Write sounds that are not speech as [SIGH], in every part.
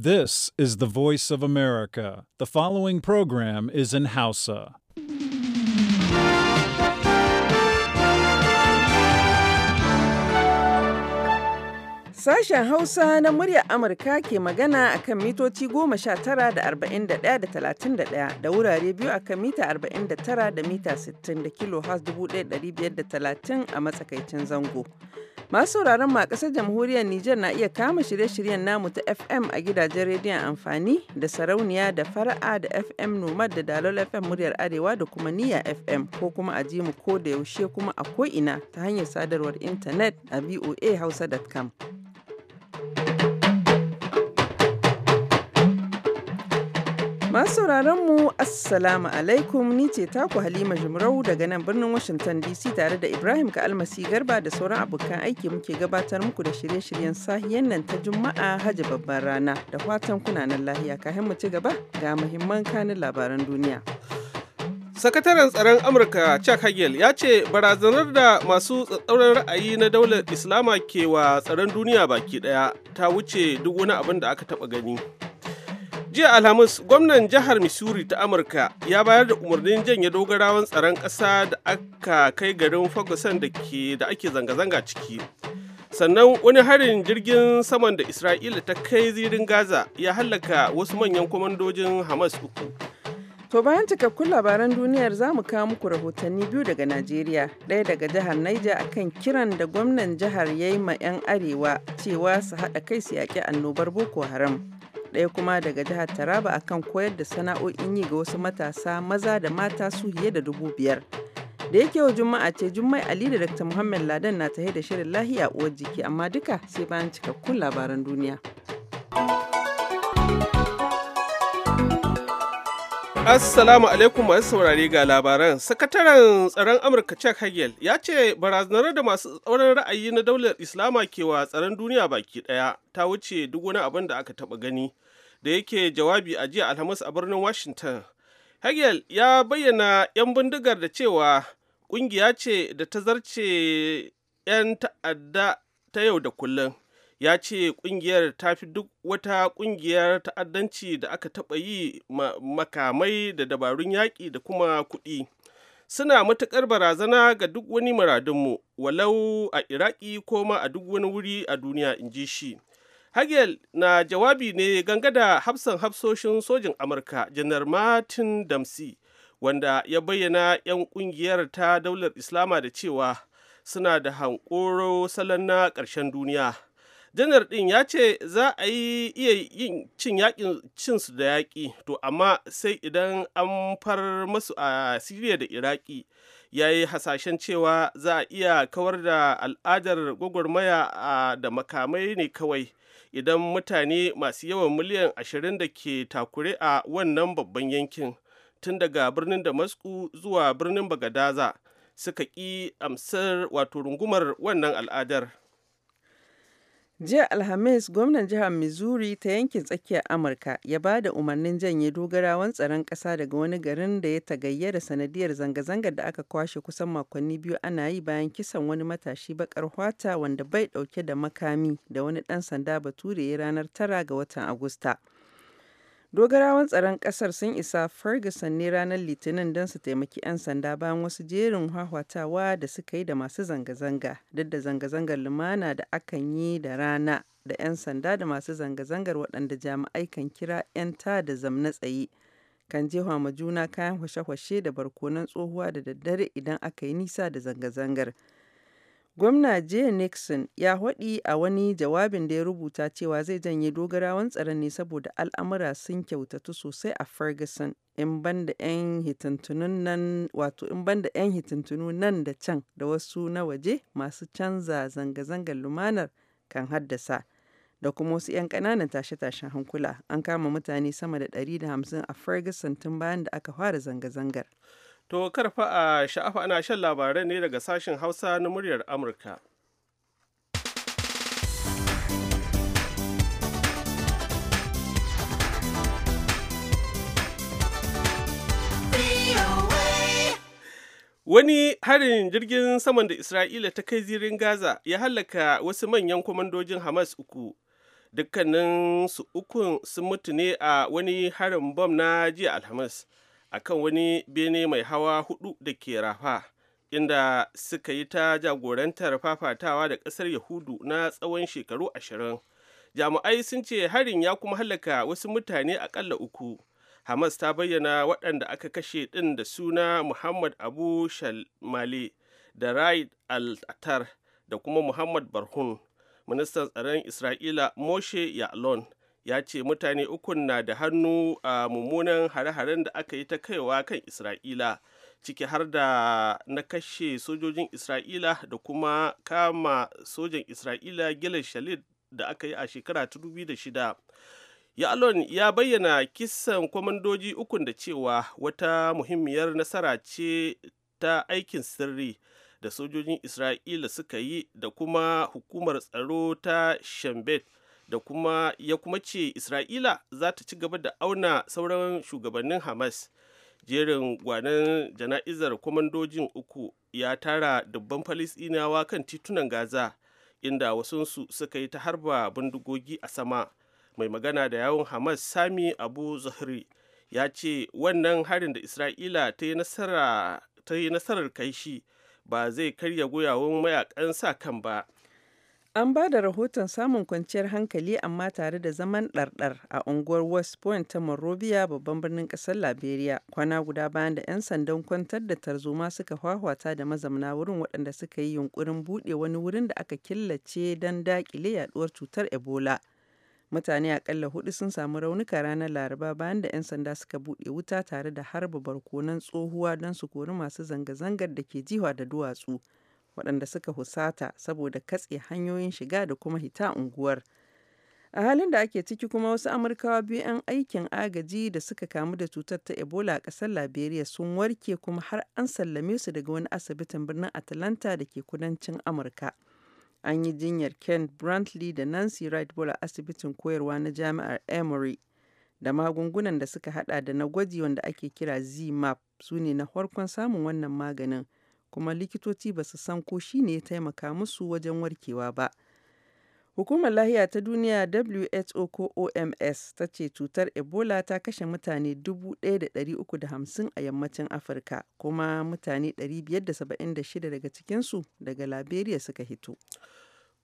This is the voice of America. The following program is in Hausa. Sashen Hausa na muryar Amurka ke magana a kan mitoci goma sha tara da arba'in da ɗaya da talatin da ɗaya da wurare biyu a kan mita arba'in da tara da mita sittin da kilo has dubu ɗaya ɗari biyar da talatin a matsakaicin zango. Masu sauraron ma ƙasar jamhuriyar Nijar na iya kama shirye-shiryen namu ta FM a gidajen rediyon amfani da sarauniya da fara'a da FM Nomad da Dalol FM muryar Arewa da kuma niya FM ko kuma a ji mu ko da yaushe kuma a ko'ina ta hanyar sadarwar intanet a voa voahausa.com. Masu mu Assalamu alaikum ni ce taku Halima Jumrau daga nan birnin Washington DC tare da Ibrahim Ka'almasi Garba da sauran abokan aiki muke gabatar muku da shirye-shiryen sahiyan nan ta Juma'a Hajji babban rana da fatan kunanan lahiya kafin mu ci gaba ga muhimman kanin labaran duniya. Sakataren tsaron Amurka Chuck Hagel ya ce barazanar da masu tsatsauran ra'ayi na daular Islama ke wa tsaron duniya baki daya ta wuce duk wani abin da aka taba gani. jiya alhamis gwamnan jihar missouri ta amurka ya bayar da umarnin janye dogarawan tsaron ƙasa da aka kai garin ferguson da ake zanga-zanga ciki sannan wani harin jirgin saman da isra'ila ta kai zirin gaza ya hallaka wasu manyan kwamandojin hamas uku To bayan cikakkun labaran duniyar za mu kawo muku rahotanni biyu daga Najeriya, ɗaya daga jihar Niger akan kiran da gwamnan jihar ya yi ma 'yan arewa cewa su haɗa kai su yaƙi annobar Boko Haram. ɗaya kuma daga jihar Taraba akan koyar da sana'o'in yi ga wasu matasa maza da mata su fiye da dubu biyar. Da yake yau Juma'a ce Jummai Ali da Dr. Muhammad Ladan na tahe da shirin lahiya uwar jiki amma duka sai bayan cikakkun labaran duniya. Assalamu alaikum masu saurare ga labaran. Sakataren tsaron Amurka Chuck Hagel ya ce barazanar da masu tsauran ra'ayi na daular Islama ke wa tsaron duniya baki daya ta wuce duk wani abin da aka taba gani da yake jawabi a jiya Alhamis a birnin Washington. Hagel ya bayyana 'yan bindigar da cewa kungiya ce da ta zarce 'yan ta'adda ta yau da kullum. ya ce kungiyar ta fi duk wata kungiyar ta'addanci da aka taɓa yi makamai da dabarun yaƙi da kuma kuɗi suna matuƙar barazana ga duk wani muradunmu walau a iraki ko ma a duk wani wuri a duniya in ji shi hagel na jawabi ne ganga da hafsan hafsoshin sojin amurka janar martin damsi wanda ya bayyana 'yan kungiyar ta daular islama da cewa suna da hankoro salon na ƙarshen duniya janar ɗin ya ce za a yi iya yin cin yakin cinsu da yaƙi to amma sai idan an far masu a siriya da iraki ya yi hasashen cewa za a iya kawar da al'adar gwagwarmaya da makamai ne kawai idan mutane masu yawan miliyan ashirin da ke takure a wannan babban yankin tun daga birnin damasku zuwa birnin bagadaza suka ƙi amsar wato rungumar wannan al'adar Jiya Alhamis, gwamnan jihar Missouri ta yankin tsakiyar Amurka ya ba da umarnin janye dogarawan tsaron kasa daga wani garin da ya tagayyara sanadiyar zanga-zangar da aka kwashe kusan makonni biyu ana yi bayan kisan wani matashi bakar hwata wanda bai dauke da makami da wani dan sanda bature ranar tara ga watan Agusta. Dogarawan tsaron kasar sun isa Ferguson ne ranar Litinin don su taimaki 'yan sanda bayan wasu jerin hwahwatawa da suka yi da masu zanga-zanga, duk da zanga-zangar lumana da akan yi da rana da 'yan sanda da masu zanga-zangar waɗanda jami'ai kan kira 'yan ta da zamna tsaye. Kan jefa ma juna kayan hwashe-hwashe da barkonan tsohuwa da daddare idan aka yi nisa da zanga-zangar. zanga zangar Gwamna Jay Nixon ya hwaɗi a wani jawabin da ya rubuta cewa zai janye dogarawan tsaron ne saboda al'amura sun kyautatu sosai a Ferguson, in banda 'yan hitintunu nan da can da wasu na waje masu canza zanga-zangar lumanar kan haddasa, da kuma wasu 'yan ƙananan tashe-tashen hankula, an kama mutane sama da 150 a Ferguson tun bayan da aka fara zanga-zangar. To karfa a sha'afa ana shan labarai ne daga sashen Hausa na muryar Amurka. Wani harin jirgin saman da Isra'ila ta kai zirin Gaza ya hallaka wasu manyan kwamandojin Hamas uku. Dukkanin su ukun sun mutu ne a wani harin bom na jiya Alhamis. Akan wani bene mai hawa hudu da ke rafa inda suka yi ta jagorantar fafatawa da ƙasar yahudu na tsawon shekaru ashirin jami'ai sun ce harin ya kuma halaka wasu mutane aƙalla uku hamas ta bayyana waɗanda aka kashe ɗin da suna muhammad abu shalmale da raid al-attar da kuma muhammad barhun ministan tsaron isra'ila moshe ya'lon ya ce mutane ukun na da hannu a mummunan hare-haren da aka yi ta kaiwa kan isra'ila ciki har da na kashe sojojin isra'ila da kuma kama sojan isra'ila gilan shalid da aka yi a shekara 2006 yalon ya bayyana kisan kwamandoji ukun da cewa wata muhimmiyar nasara ce ta aikin sirri da sojojin isra'ila suka yi da kuma hukumar tsaro ta shambet da kuma ya kuma ce isra'ila za ta ci gaba da auna sauran shugabannin hamas jerin gwanan jana'izar kwamandojin uku ya tara dubban falisdinawa kan titunan gaza inda wasunsu suka yi ta harba bindigogi a sama mai magana da yawon hamas sami abu zuhri ya ce wannan harin da isra'ila ta yi nasarar kai shi ba zai karya goyawun mayakan sa kan ba An ba da rahoton samun kwanciyar hankali amma tare da zaman ɗarɗar a unguwar West Point ta Monrovia babban birnin ƙasar Liberia kwana guda bayan da 'yan sandan kwantar da tarzoma suka hwahwata da mazamna wurin waɗanda suka yi yunkurin buɗe wani wurin da aka killace don daƙile yaɗuwar cutar Ebola. Mutane aƙalla hudu sun samu raunuka ranar Laraba bayan da 'yan sanda suka buɗe wuta tare da harba barkonan tsohuwa don su kori masu zanga-zangar da ke jiwa da duwatsu. waɗanda suka husata saboda katse hanyoyin shiga da kuma hita unguwar. A halin da ake ciki kuma wasu Amurkawa biyu 'yan aikin agaji da suka kamu da cutar ta Ebola a ƙasar Liberia sun warke kuma har an sallame su daga wani asibitin birnin Atlanta da ke kudancin Amurka. An yi jinyar Ken Brantley da Nancy Wright Bola asibitin koyarwa na jami'ar Emory da magungunan da suka hada da na gwaji wanda ake kira ZMAP su ne na farkon samun wannan maganin. kuma likitoci ba su san ko shi ne ya taimaka musu wajen warkewa ba. Hukumar Lahiya ta Duniya WHO ko OMS ta ce cutar Ebola ta kashe mutane 1,350 a yammacin Afirka kuma mutane 576 daga cikinsu daga Liberia suka hito.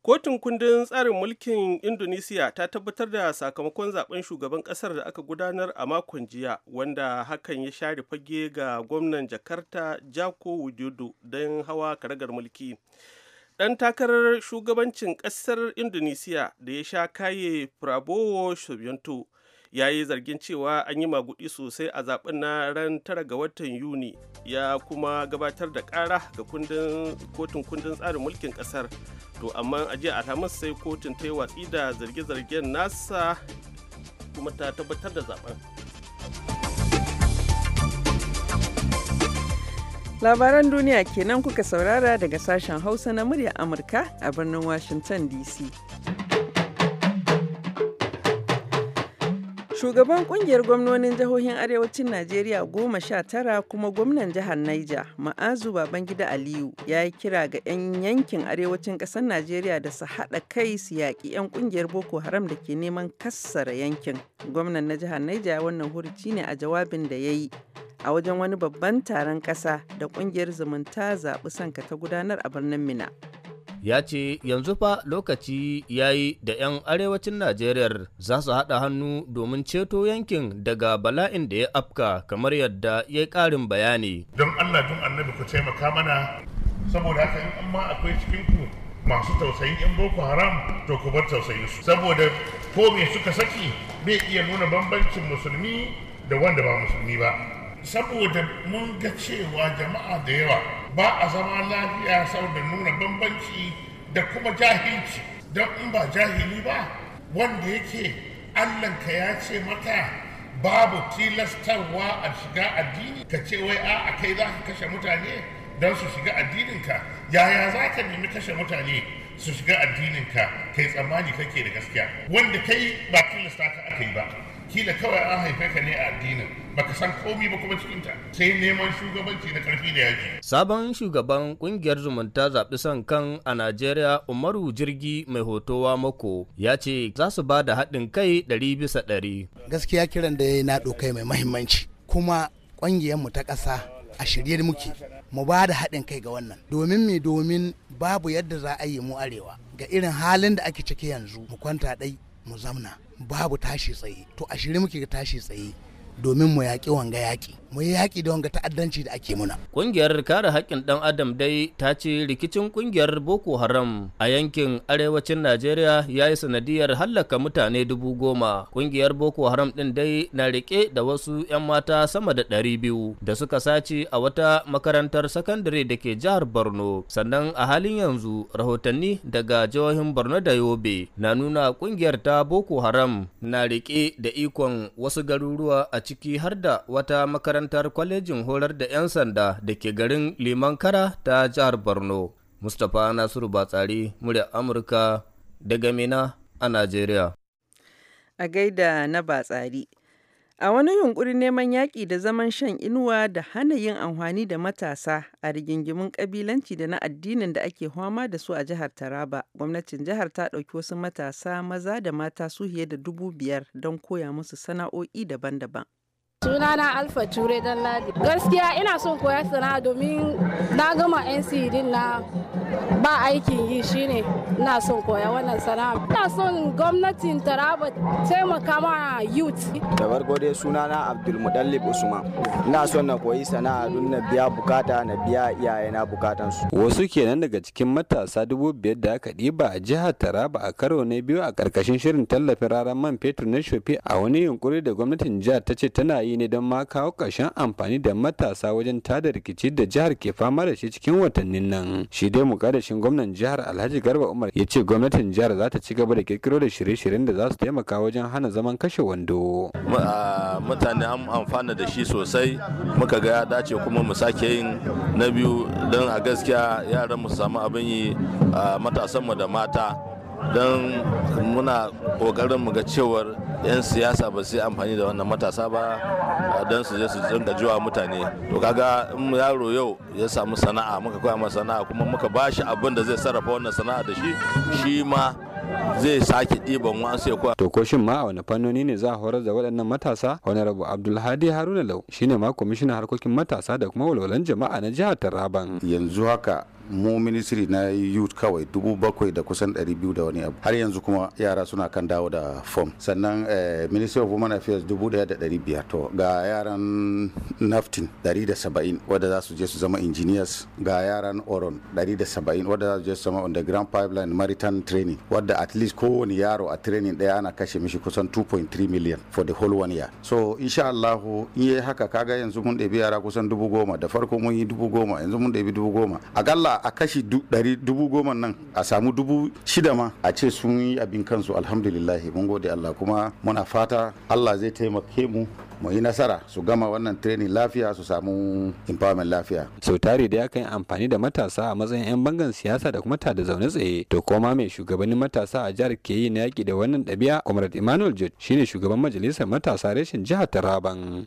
Kotun kundin tsarin mulkin Indonesiya ta tabbatar da sakamakon zaben shugaban kasar da aka gudanar a makon jiya wanda hakan ya share fage ga gwamnan Jakarta Jako Widodo don hawa karagar mulki. Ɗan takarar shugabancin ƙasar Indonesiya da ya sha kaye Prabowo Subianto ya yi zargin cewa an yi magudi sosai a zaben na ran tara ga watan yuni ya kuma gabatar da kara ga kotun kundin tsarin mulkin kasar to amma a jiya alhamis sai kotun ta yi watsi da zarge-zargen nasa kuma ta tabbatar da zaben labaran duniya kenan kuka saurara daga sashen hausa na murya amurka a birnin washington dc Shugaban kungiyar gwamnonin jihohin Arewacin Najeriya goma sha tara kuma gwamnan jihar Naija, Ma'azu Babangida Aliyu, ya yi kira ga 'yan yankin arewacin ƙasar Najeriya da su haɗa kai su yaƙi 'yan kungiyar Boko Haram da ke neman kassara yankin. Gwamnan na jihar Naija wannan hurci ne a jawabin da ya yi a wajen wani babban taron ƙasa da kungiyar zumunta zaɓi sanka ta gudanar a birnin Mina. ya ce yanzu fa lokaci ya yi da 'yan arewacin Najeriya za su haɗa hannu domin ceto yankin daga bala'in da ya afka kamar yadda ya yi ƙarin bayani. Don Allah don annabi ku taimaka mana saboda haka in amma akwai cikinku masu tausayin 'yan Boko Haram to ku bar tausayin su saboda ko me suka saki bai iya nuna bambancin musulmi da wanda ba musulmi ba. saboda mun ga cewa jama'a da yawa ba a zama lafiya saboda nuna bambanci da kuma jahilci don in ba jahili ba wanda yake allanka ya ce mata babu tilastarwa a shiga addini ka ce wai a kai za ka kashe mutane don su shiga addininka yaya za ka nemi kashe mutane su shiga addininka kai tsammani kake da gaskiya wanda kai ba tilasta ka aka yi ba kila kawai an haife ka ne a addinin baka san komi ba kuma cikinta sai neman shugabanci na karfi da yaki. Sabon shugaban kungiyar zumunta zaɓi son kan a Najeriya Umaru Jirgi mai hotowa mako ya ce za su ba da haɗin kai ɗari bisa ɗari. Gaskiya kiran da ya yi na ɗokai mai mahimmanci kuma mu ta ƙasa a shirye muke mu ba da haɗin kai ga wannan domin me domin babu yadda za a yi mu arewa ga irin halin da ake ciki yanzu mu kwanta ɗai mu zamna babu tashi tsaye to a muke tashi tsaye domin mu yaƙi wanga yaƙi mu yi haƙi da wanga ta'addanci da ake muna. Ƙungiyar kare haƙƙin ɗan Adam dai ta ce rikicin ƙungiyar Boko Haram a yankin arewacin Najeriya ya yi sanadiyar hallaka mutane dubu goma. Ƙungiyar Boko Haram ɗin dai na riƙe da wasu 'yan mata sama da ɗari biyu da suka sace a wata makarantar sakandare da ke jihar Borno. Sannan a halin yanzu rahotanni daga jihohin Borno da Yobe na nuna ƙungiyar ta Boko Haram na riƙe da ikon wasu garuruwa a ciki har da wata makarantar makarantar kwalejin horar da 'yan sanda da ke garin Limankara ta jihar borno mustapha nasiru batsari murya amurka daga mina a najeriya a gaida na batsari A wani yunkurin neman yaƙi da zaman shan inuwa da hana yin amfani da matasa a rigingimin ƙabilanci da na addinin da ake hama da su a jihar Taraba, gwamnatin jihar ta ɗauki wasu matasa maza da mata su fiye da dubu biyar don koya musu sana'o'i daban-daban. na Alfa Ture ladi. Gaskiya ina son koya sana'a domin na gama NC e din na ba aikin yi shine ina son koya wannan sana'a ina son gwamnatin taraba taimaka ma youth da farko dai suna abdul abdulmudallib usman ina son na koyi sana'a don na biya bukata na biya iyayena su wasu kenan daga cikin matasa dubu biyar da aka ɗiba a jihar taraba a karo na biyu a ƙarƙashin shirin tallafin raran man fetur na shofi a wani yunkuri da gwamnatin jihar ta ce tana yi ne don ma kawo ƙarshen amfani da matasa wajen tada rikici da jihar ke fama da shi cikin watannin nan shi dai shin gwamnan jihar Alhaji Garba Umar ya ce gwamnatin jihar za ta ci gaba da kirkiro da shirye-shiryen da za su taimaka wajen hana zaman kashe wando. Mutane an amfana da shi sosai muka ga ya dace kuma mu sake yin na biyu don a gaskiya yaran mu samu abin yi matasanmu da mata don muna kokarin mu ga cewar 'yan siyasa ba su yi amfani da wannan matasa ba don su je su dinga jiwa mutane to kaga in yaro yau ya samu sana'a muka koya masa sana'a kuma muka ba shi abin da zai sarrafa wannan sana'a da shi shi ma zai sake ɗiban wasu ya koya. To ko shin ma a wani fannoni ne za a horar da waɗannan matasa? Honorable Abdulhadi Haruna Lau shine ma kwamishinan harkokin matasa da kuma walwalan jama'a na jihar Taraban. Yanzu haka mu ministry na youth kawai dubu bakwai da kusan ɗari biyu da wani abu har yanzu kuma yara suna kan dawo da form sannan eh, ministry of women affairs dubu ɗaya da ɗari biyar to ga yaran naftin ɗari da saba'in wadda za su je su zama engineers ga yaran oron ɗari da saba'in wadda za su je su zama on the pipeline maritime training wadda at least kowane yaro a training ɗaya ana kashe mishi kusan 2.3 million for the whole one year so insha Allahu in yi haka kaga yanzu mun ɗebi yara kusan dubu goma da farko mun yi dubu goma yanzu mun ɗebi dubu goma galla. a kashi dubu goma nan a samu dubu shida ma a ce sun yi abin kansu alhamdulillahi mun gode Allah kuma muna fata Allah zai taimake mu mu yi nasara su gama wannan training lafiya su samu empowerment lafiya. sau tare da yi amfani da matasa a matsayin 'yan bangan siyasa da kuma tada zaune tsaye to koma mai shugabannin matasa a jihar ke yi na yaƙi da wannan ɗabi'a comrade emmanuel george shine shugaban majalisar matasa reshen jihar taraban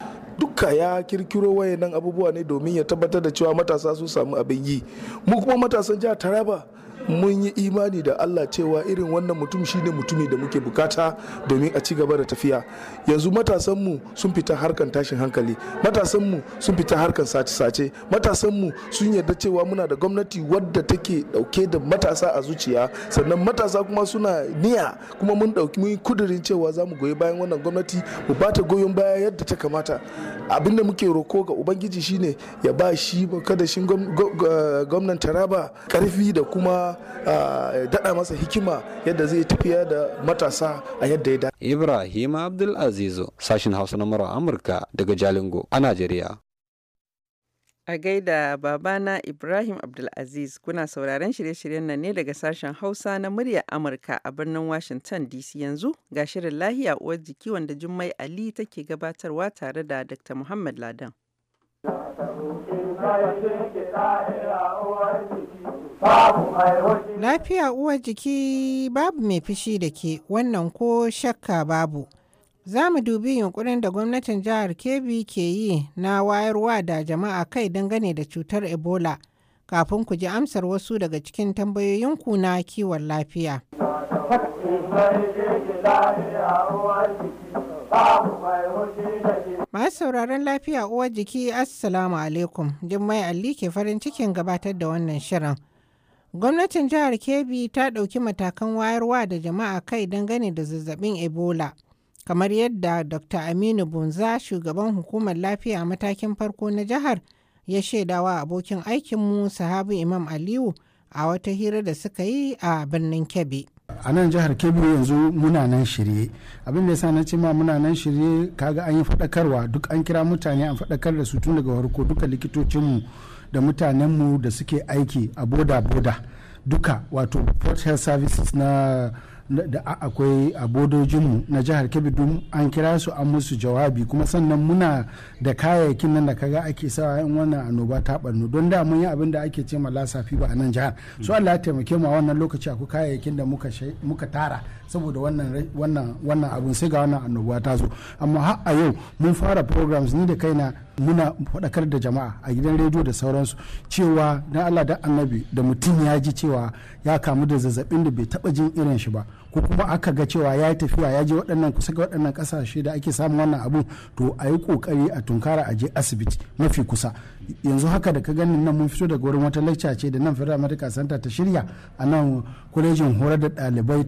duka ya kirkiro wayannan abubuwa ne domin ya tabbatar da cewa matasa sun samu abin yi mu kuma matasan jihar taraba mun yi imani da Allah cewa irin wannan mutum shine mutumi da muke bukata domin a ci gaba da tafiya yanzu matasanmu sun fita harkan tashin hankali matasanmu sun fita harkan sace-sace matasanmu sun yarda cewa muna da gwamnati wadda take dauke da matasa a zuciya sannan matasa kuma suna niya kuma mun dauki mun kudirin cewa zamu goyi bayan wannan gwamnati mu bata goyon baya yadda ta kamata abinda muke roko ga ubangiji shine ya ba shi kada shi eh, gwamnan taraba karfi da kuma daɗa masa hikima yadda zai tafiya da matasa a yadda ya dace. Ibrahim Azizu sashin Hausa na mura Amurka daga Jalingo a Najeriya. A gaida babana Ibrahim Abdulaziz kuna sauraron shirye-shiryen nan ne daga sashen Hausa na murya Amurka a birnin Washington DC yanzu ga shirin lahiya uwar jiki wanda Jummai Ali take gabatarwa tare da Dr. Muhammad Ladan. Lafiya uwar jiki babu mai fishi da ke wannan ko shakka babu. Za mu dubi yunkurin da gwamnatin jihar Kebbi ke yi na wayarwa da jama'a kai dangane da cutar Ebola kafin ku ji amsar wasu daga cikin tambayoyinku na kiwon lafiya. Masu sauraron lafiya uwar jiki Assalamu alaikum, Jummai Ali ke farin cikin gabatar da wannan shirin. Gwamnatin jihar Kebbi ta ɗauki matakan wayarwa da jama'a kai dangane da zazzabin Ebola. Kamar yadda Dr. Aminu Bunza shugaban hukumar lafiya matakin farko na jihar ya shaidawa abokin aikinmu sahabu Imam Aliyu a wata hira da suka yi a birnin Kebbi. a nan jihar kebbi yanzu muna nan shirye abin da yasa na ce ma muna nan shirye kaga an yi faɗakarwa duk an kira mutane an faɗakar da su tun daga farko duka likitocinmu da mutanenmu da suke aiki a boda-boda duka wato port health services na da akwai a mu na jihar kebbi an kira su an musu jawabi kuma sannan muna da kayayyakin nan da kaga ake sawa in wannan annoba ta barno don da mun yi abin da ake ce ma lasafi ba a nan jihar su Allah ya taimake mu a wannan lokaci akwai kayayyakin da muka muka tara saboda wannan wannan wannan abun sai ga wannan annoba ta zo amma har a yau mun fara programs ni da kaina muna faɗakar da jama'a a gidan rediyo da sauransu cewa dan Allah da annabi da mutum ya ji cewa ya kamu da zazzabin da bai taɓa jin irin shi ba ko kuma aka ga cewa ya yi tafiya ya je waɗannan kusa ga waɗannan ƙasashe da ake samun wannan abu to a yi ƙoƙari a tunkara a je asibiti mafi kusa yanzu haka da ka ganin nan mun fito daga wurin wata lacca ce da nan federal medical center ta shirya a nan kwalejin horar da ɗalibai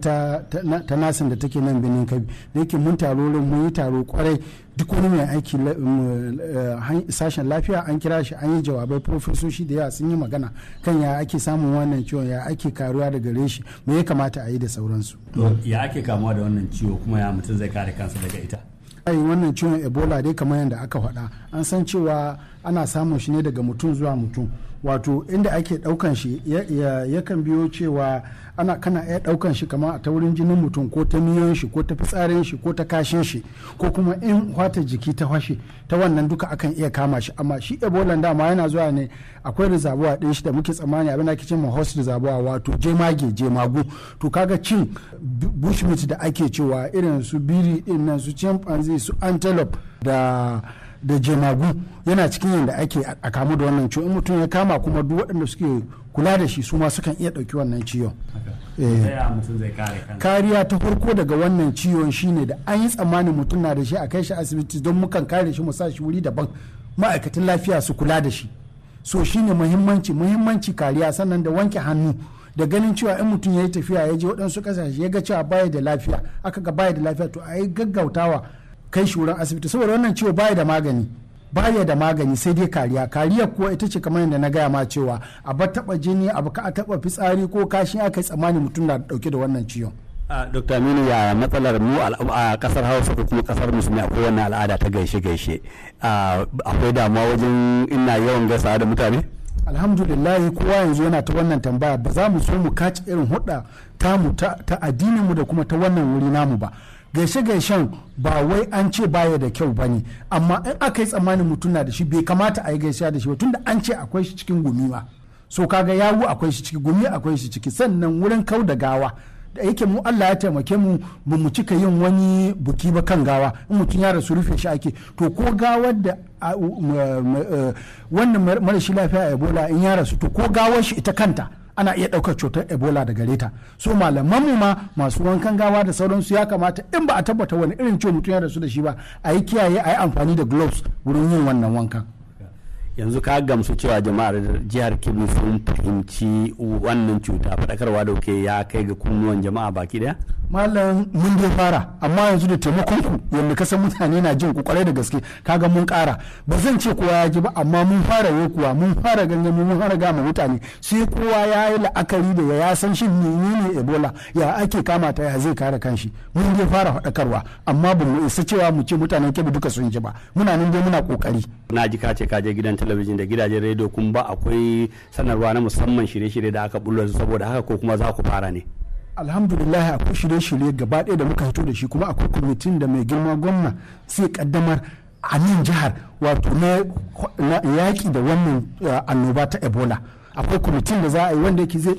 ta nasin da take nan birnin kabi da yake mun taro mun yi taro kwarai duk wani mai aiki eh, sashen lafiya an kira shi an yi jawabai profesoshi da yawa sun yi magana kan ya ake samun wannan ciwon ya ake karuwa da gare shi me ya kamata a yi da sauransu ya ake kamuwa da wannan ciwo kuma ya mutum zai kare kansa daga ita ayi wannan ciwon ebola dai kamar yadda aka faɗa an san cewa ana samun shi ne daga mutum zuwa mutum wato inda ake daukan shi yakan biyo cewa ana kana iya daukan shi kama ta wurin jinin mutum ko ta miyan shi ko ta fitsarin shi ko ta kashin shi ko kuma in wata jiki ta washe ta wannan duka akan iya kama shi amma shi ebola ma yana zuwa ne akwai rizabuwa din shi da muke tsammani abin da ake cewa host rizabuwa wato jemage jemagu to kaga cin bushmeat da ake cewa irin su biri din nan su chimpanzee su antelope da da jemagu yana cikin yadda ake a kamu da wannan ciwon in mutum ya kama kuma duk waɗanda suke kula da shi su ma sukan iya ɗauki wannan ciwon eh. kariya ta farko daga wannan ciwon shine da an yi tsammanin mutum na da shi a kai shi asibiti don mukan kare shi mu sa shi wuri daban ma'aikatan lafiya su kula da shi so shine muhimmanci muhimmanci kariya sannan da wanke hannu da ganin cewa in mutum ya yi tafiya ya je waɗansu ƙasashe ya ga cewa baya da lafiya aka ga baya da lafiya to a yi gaggautawa kai shi wurin asibiti saboda wannan ciwo baya da magani baya da magani sai dai kariya kariya kuwa ita ce kamar yadda na gaya ma cewa a ba taba jini a ba ka taba fitsari ko kashi aka yi tsammani mutum na dauke da wannan ciwon Dr. Aminu ya matsalar mu a kasar Hausa ko kuma kasar Musulmi akwai wannan al'ada ta gaishe-gaishe. Akwai damuwa wajen ina yawan gaisawa da mutane? Alhamdulillah kowa yanzu yana ta wannan tambaya ba za mu so mu kaci irin hudda mu ta addinin mu da kuma ta wannan wuri namu ba. gaishe-gaishen ba wai an ce baya da kyau ba ne amma in aka yi tsammanin mutum na da shi bai kamata a yi gaishe da shi ba tunda an ce akwai shi cikin gumi ba so kaga yawu akwai shi ciki gumi akwai shi ciki sannan wurin kau da gawa da yake mu Allah ya taimake mu ba mu cika yin wani buki ba kan gawa in mutum ya rasu rufe shi ake to ko gawar da eh, wannan marashi lafiya ebola in ya rasu to ko gawar shi ita kanta ana iya ɗaukar cutar ebola da gare ta so malaman mu ma masu wankan gawa da sauransu ya kamata in ba a tabbata wani irin ciwo mutum ya rasu da shi ba a yi kiyaye a yi amfani da gloves wurin yin wannan wanka. yanzu ka gamsu cewa jama'ar jihar kebbi sun fahimci wannan cuta faɗakarwa da ya kai ga kunnuwan jama'a baki daya malam mun dai fara amma yanzu da taimakon ku yanda kasan mutane na jin ku kwarai da gaske kaga mun kara ba zan ce kowa ya ji ba amma mun fara yi kuwa mun fara gangan mun fara gama mutane sai kowa ya yi la'akari da ya san shin menene ebola ya ake kama ta ya zai kare kanshi mun dai fara faɗakarwa amma ba mu isa cewa mu ce mutanen kebe duka sun ji ba muna nan dai muna kokari na ji ka ce ka je gidan talabijin da gidajen rediyo kun ba akwai sanarwa na musamman shirye-shirye da aka bullo saboda haka ko kuma za ku fara ne alhamdulillah akwai shirye-shirye gaba ɗaya da muka fito da shi kuma akwai kwamitin da mai girma gwamna zai kaddamar a nan jihar wato na yaƙi da wannan eh, annoba ta ebola akwai kwamitin da za a yi wanda yake zai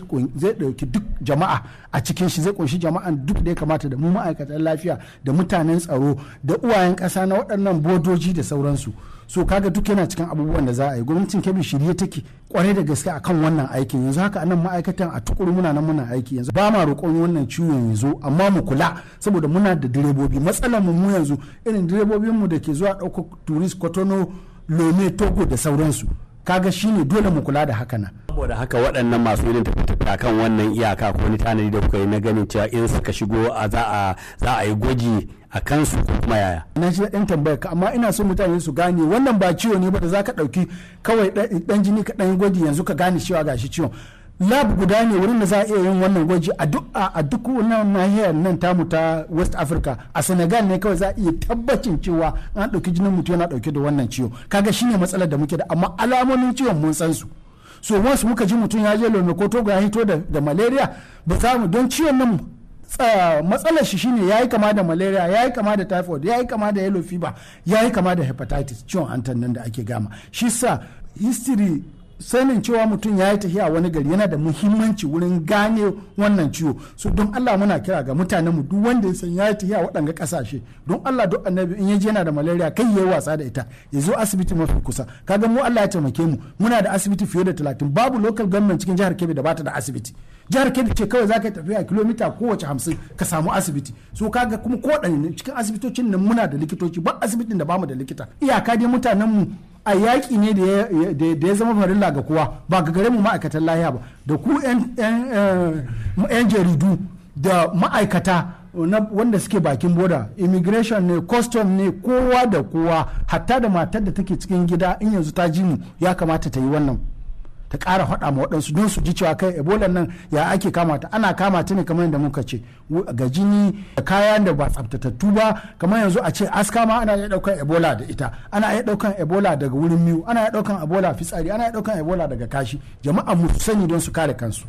ɗauki duk jama'a a cikin shi zai kunshi jama'an duk da ya kamata da mu ma'aikatan lafiya da mutanen tsaro da uwayen ƙasa na waɗannan bodoji da sauransu so kaga duk yana cikin abubuwan da za a yi gwamnatin kebi shirye take kwarai da gaske akan wannan aikin yanzu haka anan ma'aikatan a tukuru muna nan muna aiki yanzu ba ma roƙon wannan ciwon yanzu amma mu kula saboda muna da direbobi matsalar mu yanzu irin direbobin mu da ke zuwa ɗaukar turist kotono lome togo da sauransu kaga ne dole mu kula da haka nan saboda haka waɗannan masu irin tafiye kan wannan iyaka ko ni tanadi da kuka yi na ganin cewa in suka shigo a za a za a yi gwaji a kansu ko kuma yaya na shi ɗan tambaya ka amma ina so mutane su gane wannan ba ciwo ne ba da ka ɗauki kawai ɗan jini ka ɗan gwaji yanzu ka gane cewa gashi ciwon lab guda ne wurin da za a iya yin wannan gwaji a duk a duk wannan nahiyar nan tamu ta west africa a senegal ne kawai za a iya tabbacin cewa an dauki jinin mutum yana dauke da wannan ciwo kaga shine matsalar da muke da amma alamomin ciwon mun san su so once muka ji mutum ya je lome ko togo ya hito da malaria ba za mu don ciwon nan matsalar shi shine yayi kama da malaria yayi kama da typhoid yayi kama da yellow fever yayi kama da hepatitis ciwon hantar nan da ake gama shi sa history sanin cewa mutum ya yi tafiya wani gari yana da muhimmanci wurin gane wannan ciwo so don Allah muna kira ga mutanen mu duk wanda ya san ya yi tafiya waɗanga ƙasashe don Allah duk annabi in ya je yana da malaria kai ya yi wasa da ita ya zo asibiti mafi kusa kaga mu Allah ya taimake mu muna da asibiti fiye da talatin babu local government cikin jihar Kebbi da bata da asibiti jihar Kebbi ce kawai zaka tafiya kilomita kowace hamsin ka samu asibiti so ga kuma ko cikin asibitocin nan muna da likitoci ba asibitin da bamu da likita iyaka dai mutanen mu a yaƙi ne da ya zama farilla ga kowa ba ga gare mu ma'aikatan lahiya ba da ku 'yan eh, jaridu da ma'aikata wanda suke bakin boda immigration ne custom ne kowa da kowa hatta da matar da take cikin gida in yanzu ta ji mu ya kamata ta yi wannan ta kara faɗa ma waɗansu don su ji cewa kai ebola nan ya ake kama ta ana kama ta ne kamar yadda muka ce ga jini da kayan da ba tsaftatattu ba kamar yanzu a ce aska ma ana iya ɗaukan ebola da ita ana iya ɗaukan ebola daga wurin miyu ana iya ɗaukan ebola fitsari ana iya ɗaukan ebola daga kashi jama'a mu sani don su kare kansu.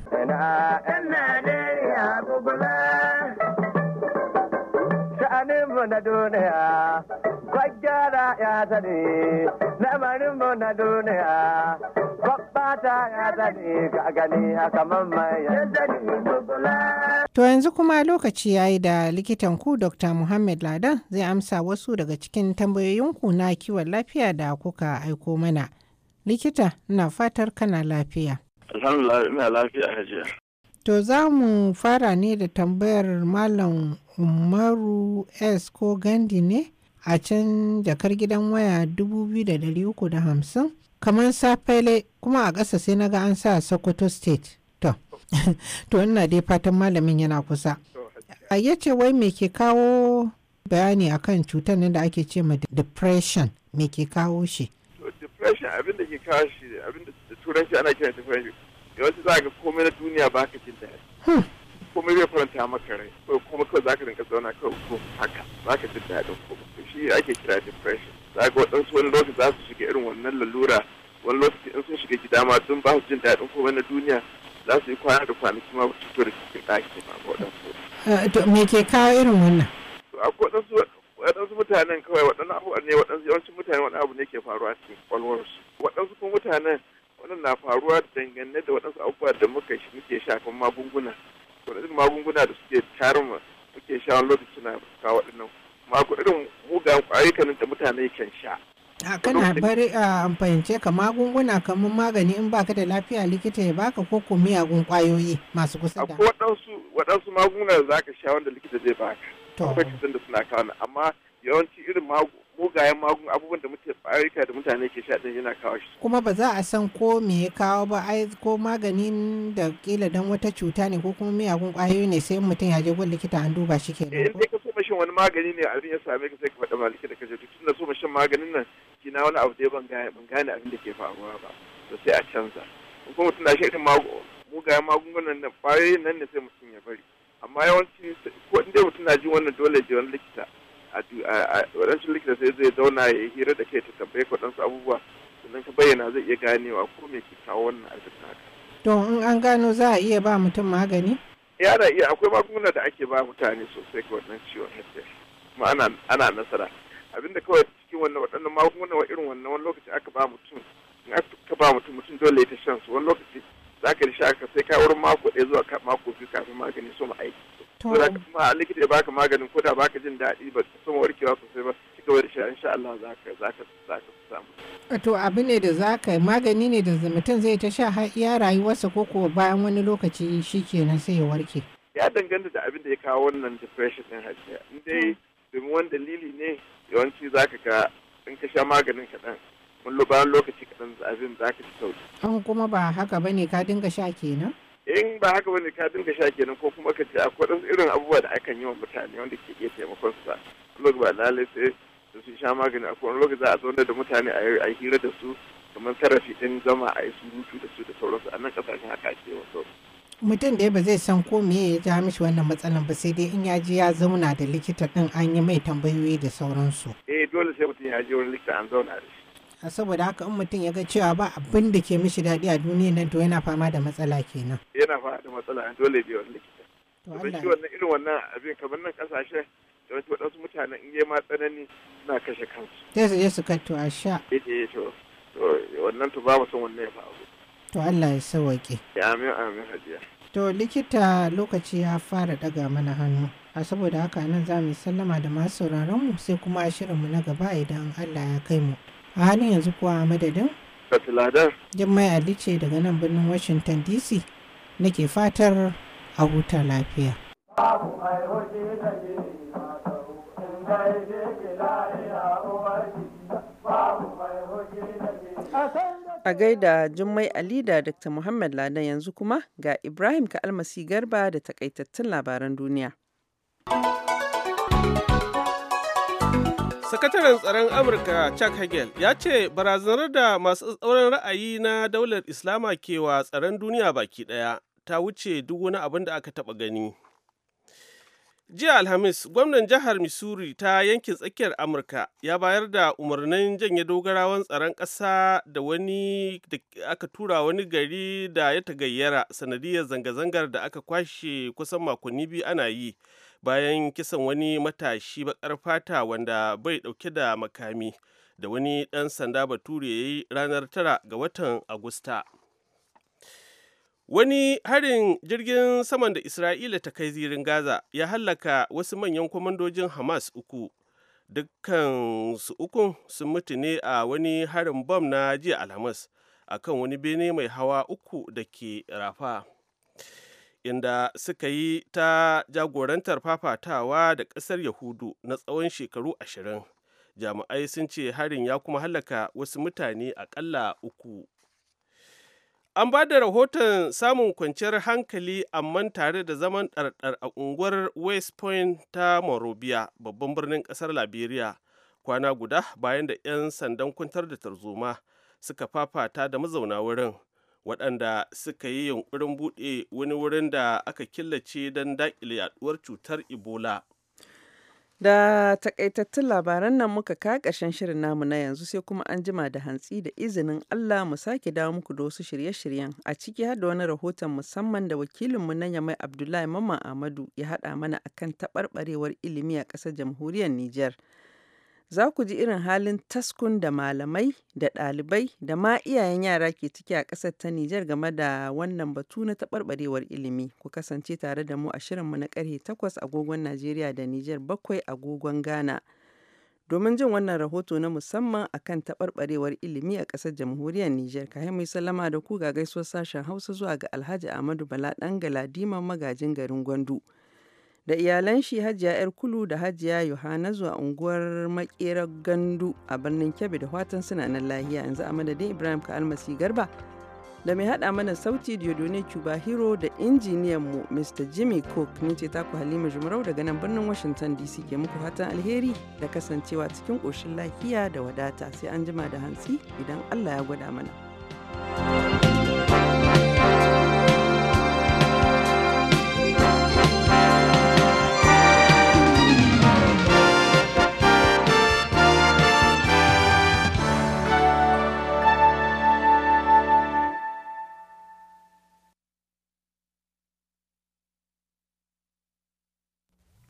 na duniya kwaggara ya sani lamarin mu na duniya babbata ya sani ga gani haka mamman ya sani To yanzu kuma lokaci ya yi da likitan ku Dr. Muhammad Ladan zai amsa wasu daga cikin tambayoyinku na kiwon lafiya da kuka aiko mana. Likita, na fatar kana lafiya. Alhamdulillah, ina lafiya hajiya. To za mu fara ne da tambayar Malam umaru s ko gandi ne a can jakar gidan waya 2350 kamar safele kuma a ƙasa sai na ga an sa sokoto state to [LAUGHS] to ina dai fatan malamin yana kusa a ya ce wai me ke kawo bayani akan cutar nan da ake ce ma depression me ke kawo shi depression abin da ke kawo shi abin da turanci ana kiran depression yawanci za ga komai na duniya ba ka jin daɗi hmm. komai zai faranta maka rai ko kuma kawai zaka rinka zauna kawai ko haka zaka ji daɗin komai to shi ake kira depression za ga waɗansu wani lokaci za su shiga irin wannan lalura wani lokaci in sun shiga gida ma don ba su jin daɗin komai na duniya za su yi kwana da kwanaki ma ba su fito da cikin ɗaki ma ga waɗansu. Eh, me ke kawo irin wannan. akwai waɗansu waɗansu mutanen kawai waɗannan abu ne waɗansu yawancin mutane wani abu ne ke faruwa cikin kwalwarsu waɗansu kuma mutanen wannan na faruwa dangane da waɗansu abubuwa da muka shi muke shafin magunguna irin magunguna da suke tarin mu muke sha wani lokaci na ka waɗannan magungunan mugayen ƙwayukan da mutane kan sha. a kana bari a fahimce ka magunguna kamar magani in baka da lafiya likita ya baka ko ko miyagun kwayoyi masu kusa da akwai waɗansu waɗansu magunguna da zaka sha wanda likita zai baka akwai kasan da suna kawo amma yawanci irin mugayen magun abubuwan da muke ƙwayarka da mutane ke sha ɗin yana kawo shi. Kuma ba za a san ko me ya kawo ba ai ko maganin da kila dan wata cuta ne ko kuma miyagun ƙwayoyi ne sai mutum ya je gun likita an duba shi kenan. Eh sai ka so mashin wani magani ne abin ya same ka sai ka faɗa maliki likita ka ce to da so mashin maganin nan shi na wani abu da ban gane ban gane abin da ke faruwa ba to sai a canza. Kuma mutum na shi irin mugayen magungunan nan kwayoyin nan ne sai mutum ya bari. Amma yawanci ko inda mutum na ji wannan dole ya je wani likita. rashin likita sai zai zauna ya hira da kai ta tambaye ka ɗansu abubuwa sannan ka bayyana zai iya ganewa ko me ke kawo wannan arzikin haka. to in an gano za a iya ba mutum magani? yana iya akwai magunguna da ake ba mutane sosai ga wannan ciwon hepatitis kuma ana ana nasara abinda kawai cikin wannan waɗannan magunguna wa irin wannan wani lokaci aka ba mutum in aka ba mutum mutum dole ya ta shan su wani lokaci za ka sha ka sai ka wurin mako ɗaya zuwa mako biyu kafin magani so mu aiki to da likita ya baka maganin ko da baka jin daɗi ba sun warkewa sosai ba ci gaba da insha Allah zaka zaka zaka samu abu ne da zaka magani ne da mutum zai ta sha har iya rayuwarsa ko kuwa bayan wani lokaci shikenan sai ya warke ya danganta da abin da ya kawo wannan depression din hajiya in dai hmm. domin wani dalili ne yawanci zaka ga in ka sha maganin kaɗan mun bayan lokaci kaɗan abin zaka ci sauki. An kuma ba haka ba ne ka dinga sha kenan? in ba haka bane ka dinga sha kenan ko kuma ka ce akwai irin abubuwa da akan yi wa mutane wanda ke iya taimakon su ba lokaci ba lalai sai da sun sha magani a kowane lokaci za a zauna da mutane a yi hira da su kamar sarrafi ɗin zama a yi surutu da su da sauransu a nan ƙasashen haka ake wasu mutum da ba zai san ko me ya ja mishi wannan matsalan ba sai dai in ya ji ya zauna da likita din an yi mai tambayoyi da sauransu. Eh dole sai mutum ya ji wani likita an zauna da shi. saboda haka in mutum ya ga cewa ba abin da ke mishi daɗi a duniya nan to yana fama da matsala kenan yana fama da matsala dole bai wani likita to shi wannan irin wannan abin kamar nan ƙasashe da wasu waɗansu mutanen in yi ma tsanani suna kashe kansu sai su je su katto a sha ya eh, to wannan to ba mu wannan ya faru to Allah ya sauke amin amin hajiya to likita lokaci ya fara daga mana hannu a saboda haka nan za mu sallama da masu sauraron mu sai kuma a shirinmu na gaba idan Allah ya kai mu a halin yanzu kuwa a madadin katiladar jimmai ali ce daga nan birnin washington dc nake fatar a huta lafiya a gaida jummai ali da dr muhammad ladan yanzu kuma ga ibrahim ka almasi garba da takaitattun labaran duniya. sakataren tsaron amurka chuck hagel ya ce barazanar da masu tsauran ra'ayi na daular islama kewa tsaron duniya baki daya ta wuce duk wani abin da aka taba gani jiya alhamis gwamnan jihar missouri ta yankin tsakiyar amurka ya bayar da umarnin janye dogarawan tsaron ƙasa da wani da aka tura wani gari da ya tagayyara sanadiyar zanga-zangar da aka kwashe kusan makonni biyu ana yi bayan kisan wani matashi bakar fata wanda bai dauke da makami da wani dan sanda bature ya yi ranar tara ga watan agusta wani harin jirgin saman da isra'ila ta kai zirin gaza ya hallaka wasu manyan kwamandojin hamas uku dukkan su ukun sun mutu ne a wani harin bom na jiya alhamis akan wani bene mai hawa uku da ke rafa inda suka yi ta jagorantar fafatawa da ƙasar yahudu na tsawon shekaru ashirin jami'ai sun ce harin ya kuma halaka wasu mutane aƙalla uku an ba da rahoton samun kwanciyar hankali amma tare da zaman ɗarɗar a unguwar west point ta morobia babban birnin ƙasar liberia kwana guda bayan da 'yan sandan kwantar da tarzoma suka fafata da mazauna wurin waɗanda suka yi yunkurin buɗe wani wurin da aka killace don daƙile yaduwar cutar ebola da takaitattun labaran nan muka ka ƙarshen shirin namu na yanzu sai kuma an jima da hantsi da izinin Allah mu sake dawo muku da wasu shirye-shiryen a ciki har da wani rahoton musamman da wakilinmu na Yamai Abdullahi Mamman Ahmadu ya haɗa mana akan taɓarɓarewar ilimi a ƙasar jamhuriyar Nijar. Za ku ji irin halin taskun da malamai da ɗalibai da ma iyayen yara ke ciki a ƙasar ta Nijar game da wannan batu na taɓarɓarewar ilimi. Ku kasance tare da mu a shirinmu na ƙarhe takwas agogon Najeriya da Nijar bakwai agogon Ghana. Domin jin wannan rahoto na musamman a kan taɓarɓarewar ilimi a ƙasar jamhuriyar Nijar, ka mai sallama da ku ga gaisuwar sashen Hausa zuwa ga Alhaji Ahmadu Bala ɗan Galadima magajin garin Gwandu. da iyalan shi hajiya yar kulu da hajiya yohana zuwa unguwar makerar gandu a birnin kebbi da watan suna nan lahiya yanzu a madadin ibrahim ka almasi garba da mai haɗa mana sauti diodone cuba hero da injiniyan mu mr jimmy cook ni ce taku halima jumarau daga nan birnin washington dc ke muku fatan alheri da kasancewa cikin koshin lafiya da wadata sai an jima da hantsi idan allah ya gwada mana.